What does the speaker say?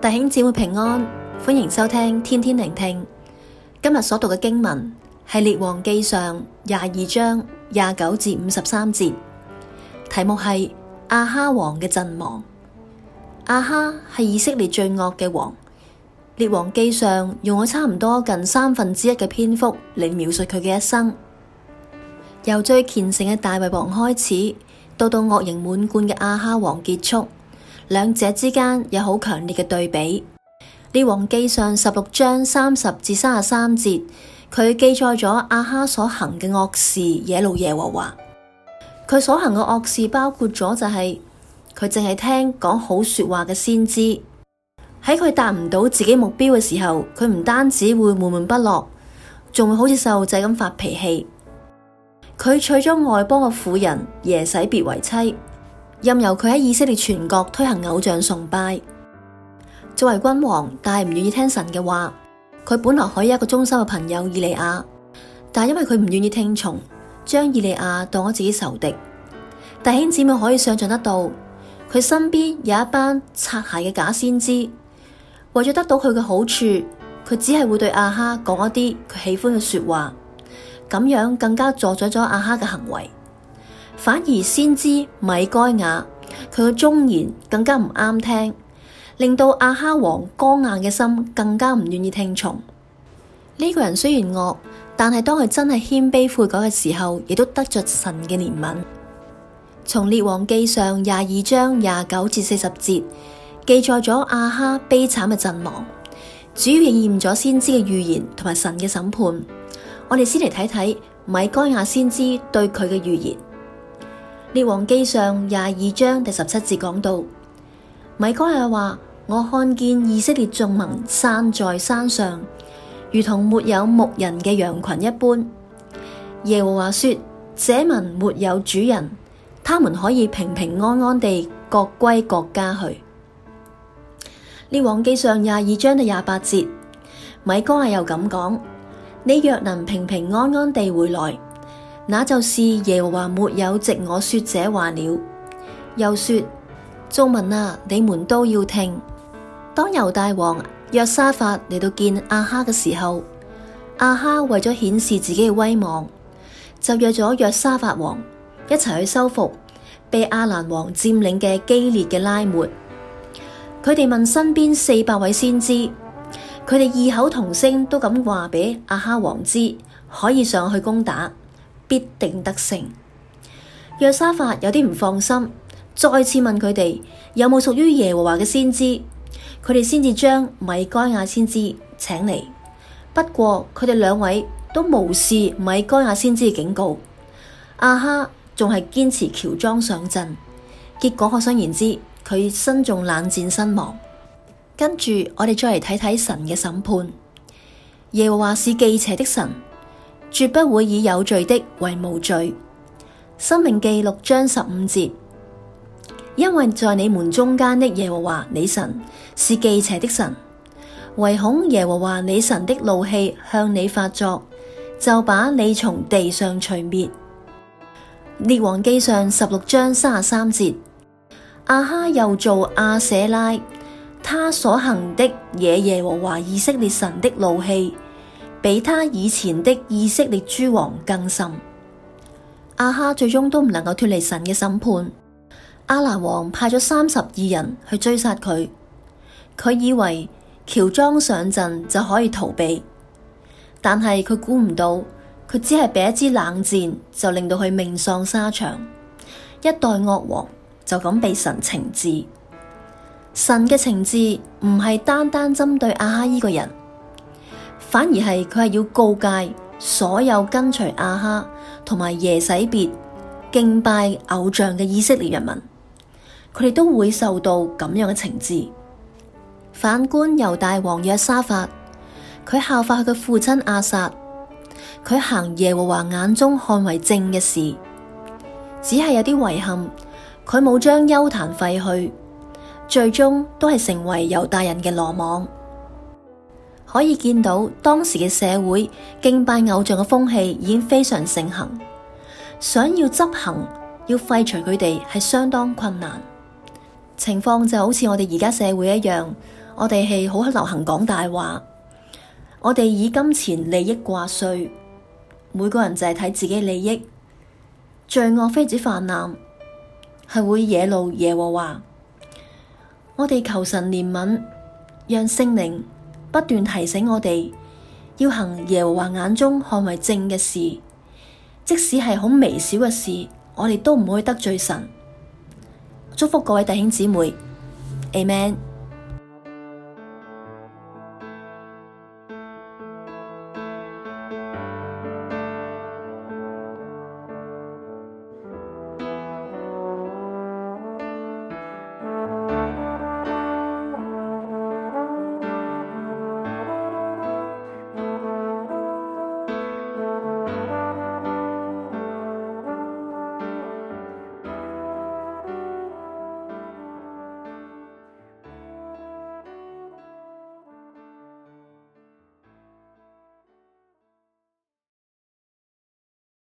弟兄姊妹平安，歡迎收聽天天靈聽。今日所讀嘅經文係列王記上廿二章廿九至五十三節，題目係亞哈王嘅陣亡。亞哈係以色列最惡嘅王，列王記上用咗差唔多近三分之一嘅篇幅嚟描述佢嘅一生，由最虔誠嘅大衛王開始，到到惡行滿貫嘅亞哈王結束。兩者之間有好強烈嘅對比。列王記上十六章三十至三十三節，佢記載咗亞哈所行嘅惡事，惹怒耶和華。佢所行嘅惡事包括咗就係佢淨係聽講好說話嘅先知，喺佢達唔到自己目標嘅時候，佢唔單止會悶悶不樂，仲會好似細路仔咁發脾氣。佢娶咗外邦嘅婦人，耶洗別為妻。任由佢喺以色列全國推行偶像崇拜，作為君王，但係唔願意聽神嘅話。佢本來可以有一個忠心嘅朋友以利亞，但係因為佢唔願意聽從，將以利亞當咗自己仇敵。弟兄姊妹可以想象得到，佢身邊有一班擦鞋嘅假先知，為咗得到佢嘅好處，佢只係會對亞哈講一啲佢喜歡嘅說話，咁樣更加助長咗亞哈嘅行為。反而先知米該雅佢嘅忠言更加唔啱聽，令到亞哈王剛硬嘅心更加唔願意聽從呢、這個人雖然惡，但係當佢真係謙卑悔，悔改嘅時候，亦都得着神嘅憐憫。從列王記上廿二章廿九至四十節記載咗亞哈悲慘嘅陣亡，主要應驗咗先知嘅預言同埋神嘅審判。我哋先嚟睇睇米該雅先知對佢嘅預言。列王記上廿二章第十七節講到，米該雅話：我看見以色列眾民散在山上，如同沒有牧人嘅羊群一般。耶和華說：這民沒有主人，他們可以平平安安地各歸各家去。列王記上廿二章第廿八節，米該雅又咁講：你若能平平安安地回來那就是耶和華沒有藉我說這話了。又說，眾民啊，你們都要聽。當猶大王約沙法嚟到見亞哈嘅時候，亞哈為咗顯示自己嘅威望，就約咗約沙法王一齊去收復被亞蘭王佔領嘅基列嘅拉末。佢哋問身邊四百位先知，佢哋異口同聲都咁話畀亞哈王知，可以上去攻打。必定得勝。約沙法有啲唔放心，再次問佢哋有冇屬於耶和華嘅先知，佢哋先至將米該雅先知請嚟。不過佢哋兩位都無視米該雅先知嘅警告，亞哈仲係堅持喬裝上陣，結果可想而知，佢身中冷箭身亡。跟住我哋再嚟睇睇神嘅審判，耶和華是忌邪的神，絕不會以有罪的為無罪。申命記六章十五節，因為在你們中間的耶和華你神是忌邪的神，唯恐耶和華你神的怒氣向你發作，就把你從地上除滅。列王記上十六章三十三節，亞哈又做亞舍拉，他所行的惹耶，耶和華以色列神的怒氣。比他以前的以色列諸王更甚，亞哈最終都唔能夠脫離神嘅審判。亞蘭王派咗三十二人去追殺佢，佢以為喬裝上陣就可以逃避，但係佢估唔到，佢只係俾一支冷箭就令到佢命喪沙場。一代惡王就咁被神懲治，神嘅懲治唔係單單針對亞哈一個人。反而係佢係要告誡所有跟隨亞哈同埋耶洗別敬拜偶像嘅以色列人民，佢哋都會受到咁樣嘅懲治。反觀猶大王約沙法，佢效法佢嘅父親亞撒，佢行耶和華眼中看為正嘅事，只係有啲遺憾，佢冇將邱壇廢去，最終都係成為猶大人嘅羅網。可以見到當時嘅社會敬拜偶像嘅風氣已經非常盛行，想要執行要廢除佢哋係相當困難。情況就好似我哋而家社會一樣，我哋係好喺流行講大話，我哋以金錢利益掛帥，每個人就係睇自己利益，罪惡非止泛濫，係會惹怒耶和華。我哋求神憐憫，讓聖靈。不斷提醒我哋要行耶和華眼中看為正嘅事，即使係好微小嘅事，我哋都唔會得罪神。祝福各位弟兄姊妹，Amen。